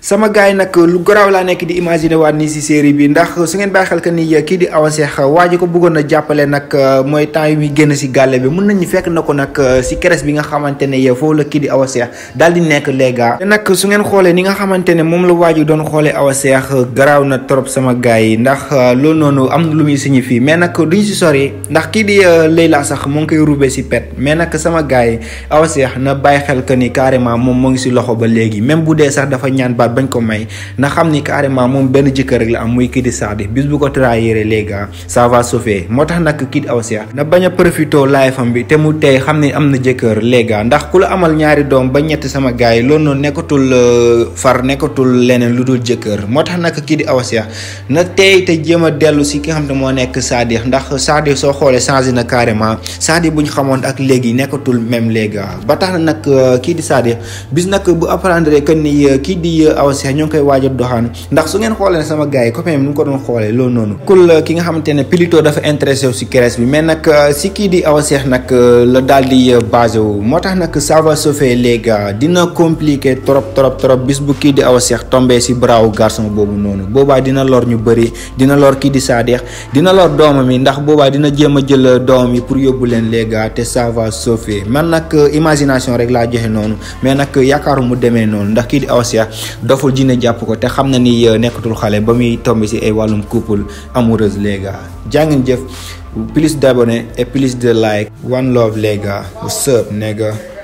sama gaay nak eh, lu graw la nek di imaginer wat ni ci série bi ndax eh, su ngeen baxal que ni eh, ki di avancé waji ko bëggon na jappalé nak moy temps mi génn ci galé bi mën nañu fekk nako nak ci crèche bi nga xamantene ya fo la ki di avancé dal di nek léga té nak su ngeen xolé ni nga xamantene mom la waji doon xolé avancé graw na trop sama gaay ndax lo nonu am lu muy signifie mais nak duñ ci sori ndax ki di Leila sax mo ngi roubé ci pet mais nak sama gaay avancé na bay xel que ni carrément mom mo ngi ci loxo ba légui même bu dé sax dafa ñaan bañ ko may na xam ni carrément moom benn jëkkër rek la am muy Kidi Sadio bis bu ko trahiré les gars ah, ça va moo tax nag Kid Aousia na bañ a profito life am bi te mu tey xam ne am na jëkkër les ah, ndax ku amal ñaari doom ba ñetti sama gars yi loolu noonu nekkatul euh, far nekkatul leneen lu dul jëkkër moo tax nag Kid Aousia na tey te jéem a dellu si ki xam ne moo nekk saadi ndax Sadio soo xoolee changé na carrément Sadio bu ñu xamoon ak léegi nekkatul même les gars ah, ba tax na nag euh, kii di Sadio bis nag bu apprendre que ni euh, kii di Awsiya ñoo ngi koy waaj a doxaanu ndax su ngeen xoolee ne sama gars yi copain bi ni mu ko doon xoolee loolu noonu xamante ne Pilito dafa intéressé wu si keres bi mais nag euh, si kii di Awsiya nag euh, la daal di euh, basé wu moo tax nag ça va se faire dina compliqué trop trop trop bis bu kii di Awsiya tombé si braawu garçon boobu noonu boobaa dina lor ñu bëri dina lor kii di Sadex dina lor doomam yi ndax boobaa dina jéem a jël doomam yi pour yóbbu leen les te sava va man nag imagination rek laa joxe noonu mais nag yaakaaru mu demee noonu ndax kii di Awsiya doful jinne jàpp ko te xam na ni euh, nekkatul xale ba muy tombé ci ay wàllum couple amoureuse les gars jaa ngeen jëf plus d'abonnés et plus de like one love les gars what's